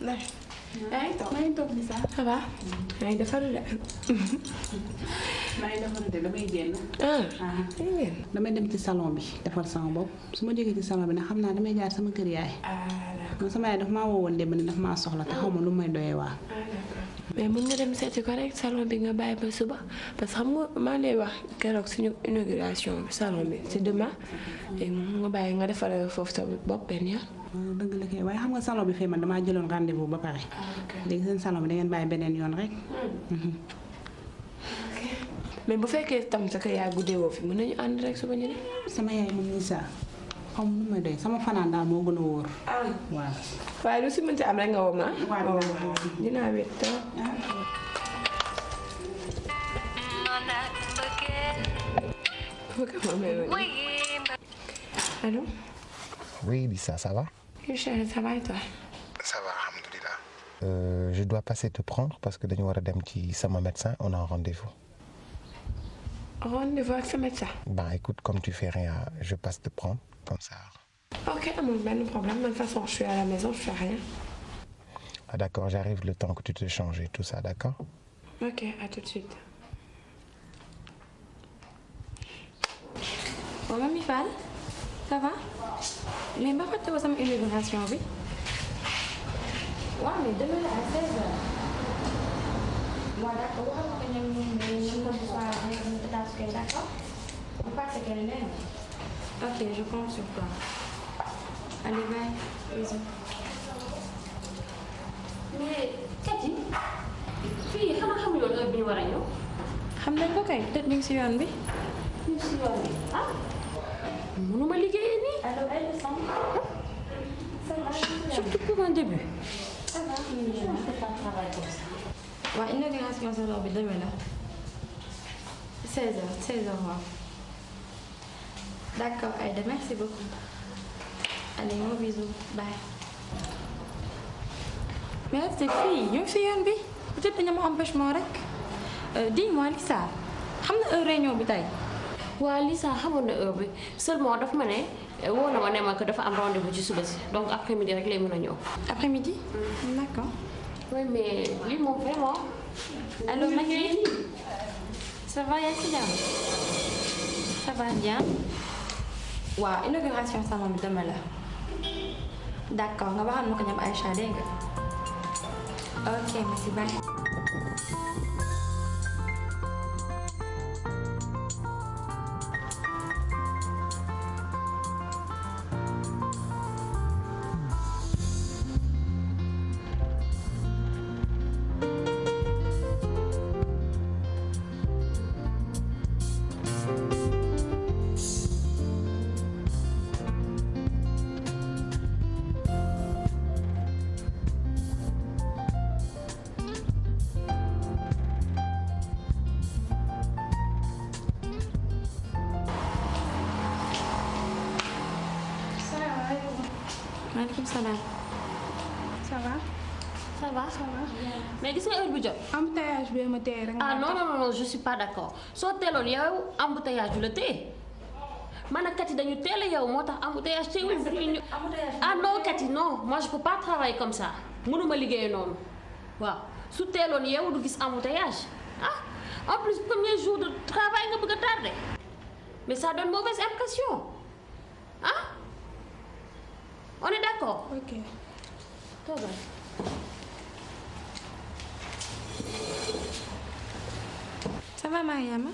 Nej. Nej då. Nej då, Lisa. Ja, va? Mm. Nej, det får du det. may defal de damay génn damay dem ci salon bi defal sama bopp su ma jógee ci salon bi nag xam naa damay jaar sama kër yaay man sama yaay daf maa woowoon démb ne daf maa soxla te xaw ma lu may doyee waa mais mën nga dem seeti ko rek salon bi nga bàyyi ba suba parce que xam nga maa lay wax dëgg la kay waaye xam nga salon bi fee man damaa jëloon rendez-vous ba pare. Ah, léegi seen salon bi da ngeen bàyyi beneen yoon rek. Hmm. Mhm. mais bu fekkee tam sa kër yaay guddee woo fi mën nañu ànd rek suba ñu ne. sama yaay moom nii saa xaw ma nu may doy sama fanaan daal moo gën a wóor. Ah. waaw waaye lu si mënti am rek nga woo ma. Ah? waaw oh, dinaa wét. allo. oui Lisa ça va. ça va et toi ça va Alhamdoulilah. Euh, je dois passer te prendre parce que dañu war a dem médecin on a un rendez-vous. rendez-vous avec ce médecin. Ben écoute comme tu fais rien je passe te prendre comme ça. ok pas de ben, problème de toute façon je suis à la maison je fais rien. ah d'accord j'arrive le temps que tu te changes et tout ça d'accord. ok à tout de suite. bon Mifal, ça va mais ba fàtte une inauguration oui. Oui, mais demain à 16h. Moi, d'accord je ko ñoom ñoom ñoom que d'accord. on passe qu'elle même. ok je compte sur toi. allez bye. bisous. mais kat tu Puis, comment xamuñu woon bi a ñëw. Je ne ko kay peut-être ñu ngi bi. Allô, elle Je sent Surtout pour un début. Ça va, je ne pas un travail comme ça. 16h, D'accord, merci beaucoup. Allez, gros bisous, bye. Mais là, fille, fille, peut-être euh, Dis-moi, Lisa, tu Lisa, Seulement, euh, woo on a ne ma que dafa am rendez-vous ci suba donc après midi réglé mon agneau. après midi. Mm. d'accord. oui mais lui mon frère. Allô Maggie? ça va yaa ça va bien. Waouh inauguration ça m'a mis de malheur. d'accord on va voir un ñoom Aïcha dégg nga. ok merci bye. maaleykum salaam. ça va. ça va ça va. mais gis nga heure bu jot. embouteillage bi ma téye rek. ah non non non je suis pas d'accord soo teeloon yow embouteillage le la téye man ak Kati dañu teel a yow moo tax embouteillage téewul ñu. ah non Kati non moi je peux pas travailler comme ça mënuma liggéey non waaw su télon yow du gis embouteillage ah en plus premier jour de travail nga bëgg a tardé mais ça donne mauvaise impression. d'accord ok toogal ça va Mariama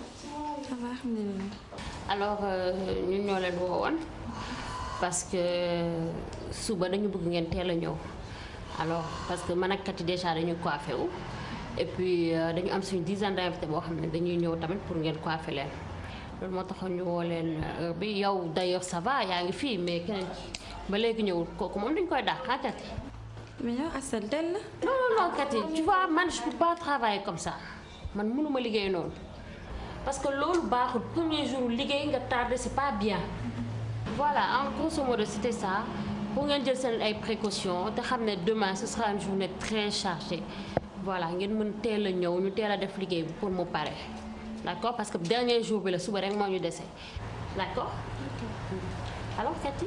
alors euh, ñun ñoo leen woowoon parce que suba dañu bugg ngeen teel a ñëw alors parce que man ak Kati déjà dañu coiffé wu et puis euh, dañu am suñu dizaine d'invités boo xam ne dañuy ñëw tamit pour ngeen coiffé leen loolu moo taxoon ñu woo leen euh, bi yow d'ailleurs ça yaa ngi fii mais keneen ba léegi ñëwul kooku moom duñ koy dàq ah Kati. mais yow Assane dell non non non Kati tu vois man je peux pas travailler comme ça man nous liggéey non parce que loolu le premier jour liggéey nga tardé c'est pas bien. voilà en grosso modo c'était ça pour ngeen jël seen ay précautions te xam demain ce sera une journée très chargée voilà ngeen mën teel a ñëw ñu teel a def liggéey bi pour mon pare d'accord parce que dernier jour bi la suba rek moo ñu d'accord alors Cathy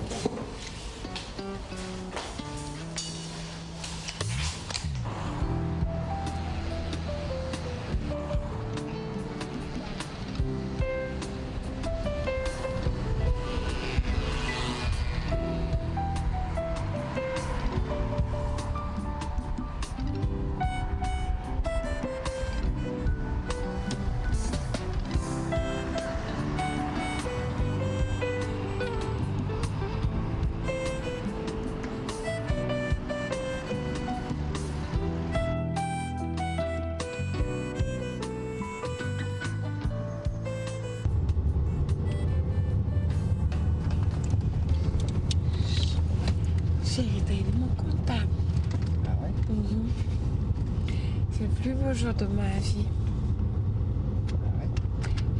le plus beau jour de ma vie.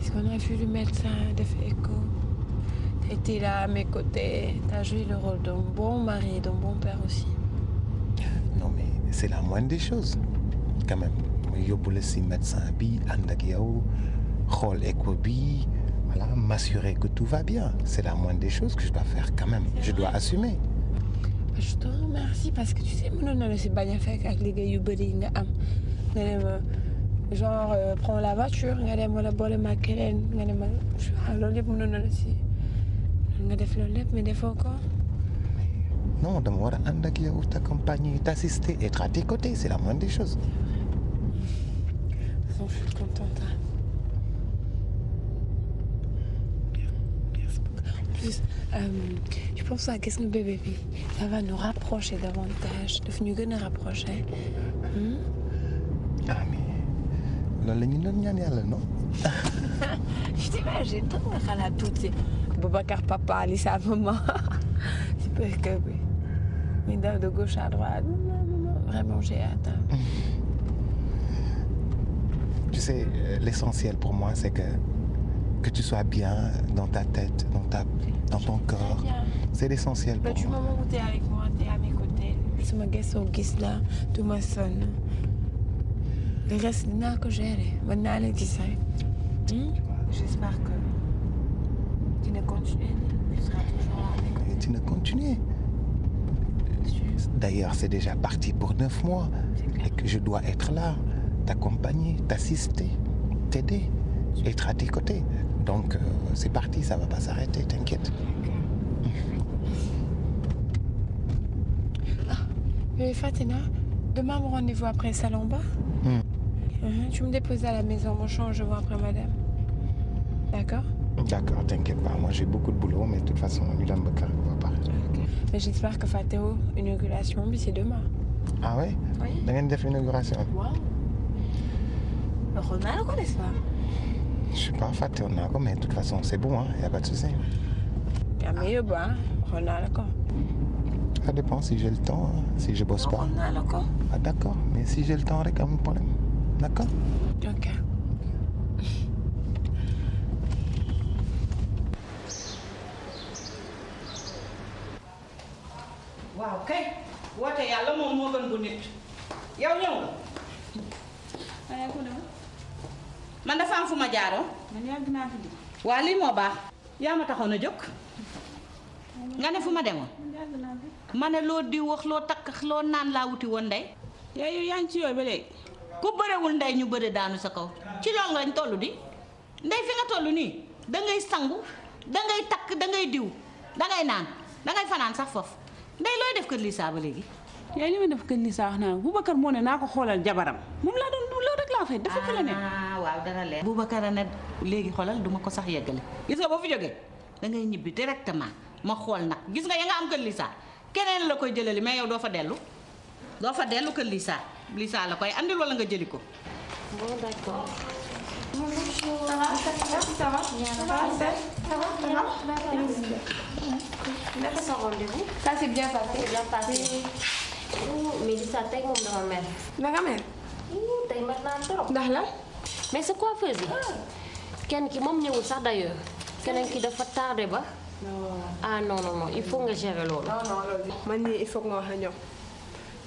Est-ce qu'on aurait vu le médecin, Defeco? fait tu étais là à mes côtés, as joué le rôle d'un bon mari et d'un bon père aussi. Non, mais c'est la moindre des choses, quand même. Je suis médecin bi médecin, yow voilà m'assurer que tout va bien c'est la moindre des choses que je dois faire quand même je dois assumer je te remercie parce que tu sais mon non, c'est si bañ faire avec les les nga genre euh, prends la voiture nga dem la boole ma keneen nga ne ma ah, loolu yëpp mënoon na la si nga def loolu lépp mais defoo non dama war a ànd ak yow t'accompagner t'assister être à tes côtés c'est la moindre des choses. donc je suis contente. Hein. plus euh, je pense que gis nga bébé bi ça va nous rapprocher davantage devenu ñu nous rapprocher rapprocher. Hmm? ah mais loolu la ñu doon ñaan yàlla non. je t'imagine lan nga la tuuti Boubacar papa Alissa maman tu peux que oui. daw de gauche à droite vraiment j'ai hâte. tu sais euh, l'essentiel pour moi c'est que que tu sois bien dans ta tête dans ta dans ton corps. c'est l'essentiel bah, pour moi. tu es avec moi, es à mes côtés. sama gëstoo gis la tu m'as sonné. Le reste, dinaa que gérer Bonne année, tu sais. J'espère que tu ne Tu Tu ne continues. D'ailleurs, c'est déjà parti pour neuf mois et que je dois être là, t'accompagner, t'assister, t'aider, être à tes côtés. Donc, euh, c'est parti, ça ne va pas s'arrêter, t'inquiète. Ah, mais Fatina, demain mon rendez-vous après Salon Bas Mhm. Tu me déposes à la maison, mon change, je vois après madame. D'accord D'accord, t'inquiète pas. Moi, j'ai beaucoup de boulot, mais de toute façon, carré ne va pas. Mais j'espère que Fatéo, inauguration, c'est demain. Ah ouais Oui. Vous avez une l'inauguration Waouh. Ronald, n'est-ce hein pas Je suis pas Fatéo, mais de toute façon, c'est bon, hein. n'y a pas de souci. Il y a mieux, hein. Ronald, Ça dépend si j'ai le temps, hein. si je bosse pas. Ronaldo. quoi. Ah d'accord, mais si j'ai le temps, il y a un problème. D'accord Ok. waaw kay woote yàlla moom moo gën bu nit yow ñëw ah, man dafa fu ma jaaroo. man yàgg naa fi jóg. waa lii moo baax. yaa ma taxoon a jóg. nga ne fu ma demoon. ma ne loo di wax loo takk loo naan laa wuti woon ndey. yaa yow yaa yooyu ba léegi. ku wul nday ñu bëre daanu sa kaw ci lool lañ tollu di nday fi nga tollu ni da ngay sangu da ngay tak da ngay diw da ngay naan da ngay fanaan sax fof nday loy def keur lisa ba legi Ya li def keur lisa wax Bu bakkar mo ne naa ko jabaram mum la doon loolu rek la fay dafa fi la ah, ne waaw dara bu bakkar ne legi xolal duma ko sax yeggale gis nga boo fi joge da ngay ñibbi directement ma xol nak gis nga ya nga am keur lisa keneen la koy jëlali mais yow do fa delu do fa delu keur lisa Lisa la koy andil wala nga jëli ko bon d'accord Ça s'est bien passé. Bien passé. Mais ça t'a mon dans mère. Ma mère. Ouh, t'as maintenant trop. Dahla. Mais c'est quoi faire Ken qui mom ñewul sax d'ailleurs. Kenen qui dafa tardé ba. Ah non non non, il faut nga gérer lolu. Non non lolu. Man ni il faut nga wax ñom.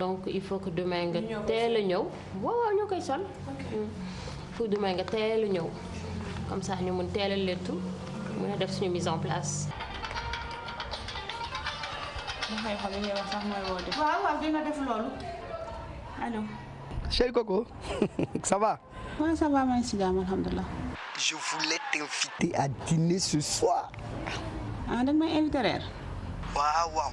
donc mm. il faut que demain nga teel a ñëw waaw waaw ñoo faut demain nga teel a comme ça ñu mun teel le tout mun a def suñu mise en place waaw waaw dina def loolu allo Chérie Coco, ça va Oui, ça va, merci, alhamdulillah. Je voulais t'inviter à dîner ce soir. Ah, donc, ma invité Waouh, waouh.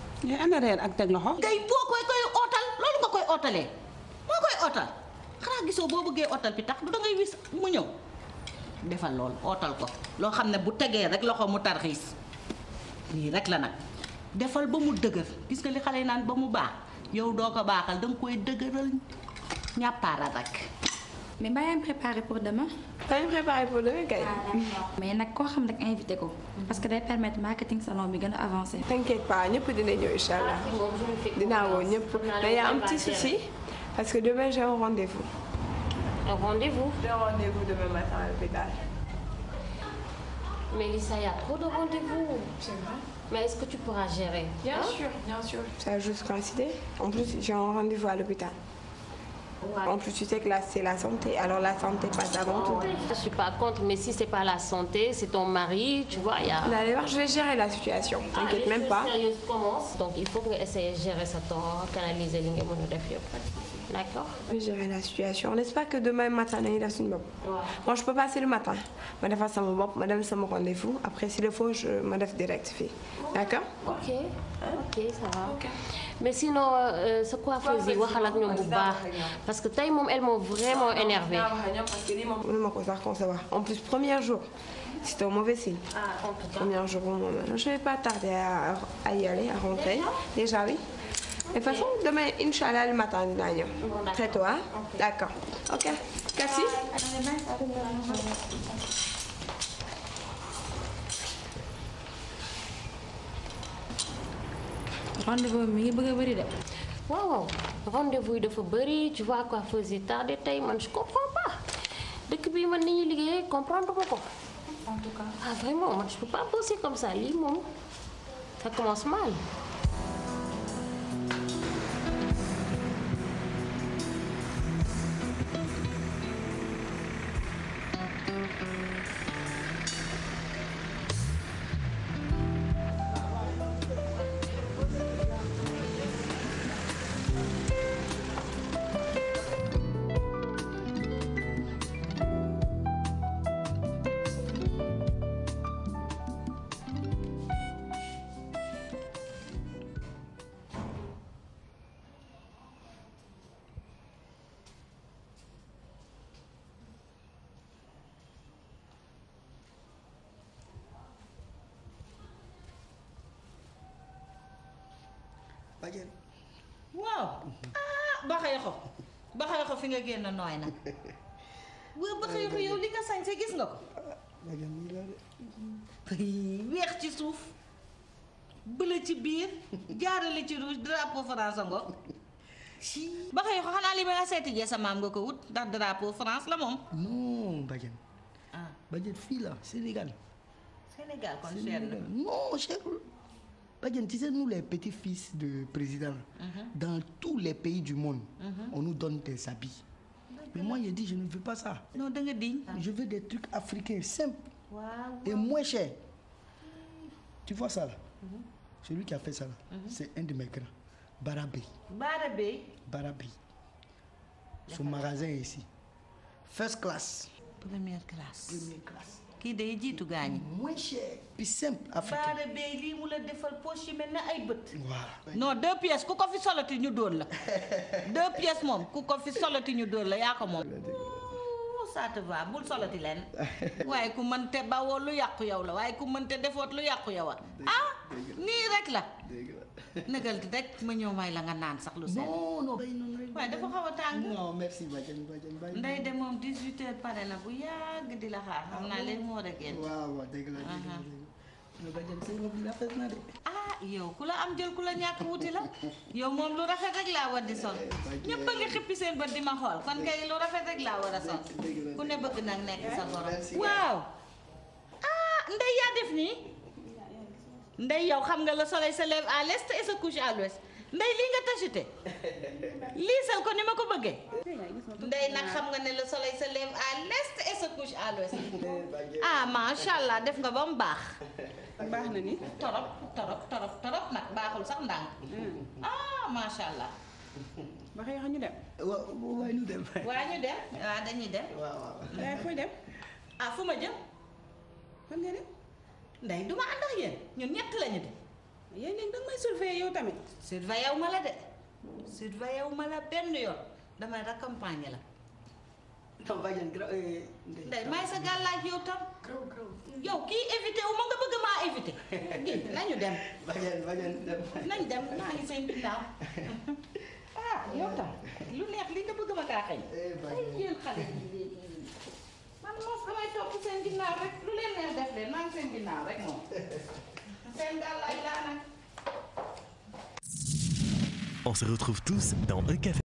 ngay ana ak teg loxo. ngay boo koy koy ootal loolu nga koy ootalee moo koy ootal xanaa gisoo boo bëggee ootal bi tax du dangay wis mu ñëw defal lool ootal ko loo xam ne bu tegee rek loxo mu tarxiis nii rek la nag defal ba mu dëgër gis nga li xale yi naan ba mu baax yow doo ko baaxal danga koy dëgëral ñàppaara rek. mais je vais me préparer pour demain. vas me préparer pour demain kay. mais a quoi xam je invité ko. parce que ça va permettre marketing salon bi gën t'inquiète pas pouvons dina ñëw incha là. dinaa woo ñëpp. mais y a un petit souci parce que demain j'ai un rendez-vous. un rendez-vous. j'ai un rendez-vous demain matin à l'hôpital. mais il y a trop de rendez-vous. C'est vrai. Mais est-ce que tu pourras gérer Bien hein? sûr, bien sûr. Ça a juste coïncidé. En plus, j'ai un rendez-vous à l'hôpital. En plus, tu sais que là, c'est la santé. Alors la santé passe avant tout. Je ne suis pas contre, mais si ce n'est pas la santé, c'est ton mari, tu vois, il y a... D'ailleurs, je vais gérer la situation, ah, t'inquiète même pas. Sérieuse commence, donc il faut essayer de gérer ça, canaliser les D'accord. Gérer la situation. N'est-ce pas que demain matin, il a une bob. Moi, je peux passer le matin. Madame, ça me bob, madame, ça me rendez-vous. Après, s'il le faut, je vais direct. D'accord Ok. Hein? Ok, ça va. Mais sinon, euh, c'est quoi Fauzi Parce que taille, elles m'ont vraiment énervé. En plus, premier jour, c'était au mauvais signe. Ah, Premier jour, je ne vais pas tarder à, y aller, à rentrer. Déjà oui. De toute façon, demain, Inch'Allah, le matin, nous d'accord? Très tôt, hein okay. D'accord. Ok. Cassie euh, Rendez-vous, mais il y Wow, wow. rendez-vous de Fabri, tu vois quoi, faisait tard de taille, je comprends pas. Dès que je suis comprendre pourquoi. En tout cas. Ah, vraiment, moi, je peux pas bosser comme ça, limon. Ça commence mal. bàjjen. waaw ah Bakhayokho Bakhayokho fi nga génn nooy nag waaw Bakhayokho yow li nga sañse gis nga ko. weex ci suuf bële ci biir jaarale ci rouge drapeau France ngo Bakhayokho xanaa li ba nga seeti jee sa maam nga ko wut ndax drapeau France la moom. non bàjjen. ah fii la Sénégal. Sénégal kon cher na non cherul. tu sais, nous, les petits-fils de président, mhm. dans tous les pays du monde, mhm. on nous donne des habits. Mais moi, j'ai dit, je ne veux pas ça. Non, je veux des trucs africains simples et moins chers. Tu vois ça là mhm. Celui qui a fait ça là, c'est un de mes grands. Barabé. Barabé Barabé. Son magasin est ici. First class. Première classe. Première classe. kii day jiitu gaañi. moins cher puis baara bee lii mu la defal poche yi mel na ay bët. noo non deux pièces ku ko fi solati ñu dóor la deux pièces moom ku ko fi solati ñu dóor la yaa ko moom. ça te va bul solati leen waaye ku mën te bawoo lu yàqu yow la waaye ku mën te defoot lu yàqu yow a ah nii rek la. dëgg la rek ma ñëw may la nga naan sax lu. non waaye dafa xaw a tàng. non merci Badiane Badiane Badiane. ndey de moom 18h pare na bu yàgg di la xaar. xam naa ah, léegi moo rek yéen. waaw waaw dëgg la dëgg la ah yow ku la am jël ku la ñàkk wuti la yow moom lu rafet rek laa war di sol. Eh, ñëpp a ngi xippi seen bët di ma xool kon kay lu rafet rek laa war a sol. ku ne bëgg nag nekk sa borom. waaw ah ndey yaa def nii. ndey yow xam nga la soleil se lève à l'est et se couche ndey lii nga tajute liisal ko ni ma ko bëggee. ndey nag xam nga ne le soleil se lève à l'est et se couche à l'ouest ah macha allah def nga ba mu baax. baax na ni torop torop torop torop nag baaxul sax ndànk. Hmm. ah macha allah. ba xëy ñu ñu dem. waaw ñu dem waaw ah, dañuy dem. waaw waaw. Eh, fooy dem. ah fu ma jëm. fan nga ànd ak yéen ñun ñett lañu dem. yéen léegi may surveiller yow tamit. surveiller yow ma la de surveiller yow ma la benn yoon damay raccompagner la. non bàyyi leen graw. ndey maay sa gàllaaj yow tam. graw graw yow kii éviter wu ma nga bëgg maa éviter. nañu dem. bàyyi dem. nañ dem seen ginnaaw. ah yow tam lu neex li nga bëgg ma kaa xëy. Eh, man moom damay topp seen ginnaaw rek lu leen neex def leen maa ngi seen ginnaaw rek moom. On se retrouve tous dans un e café.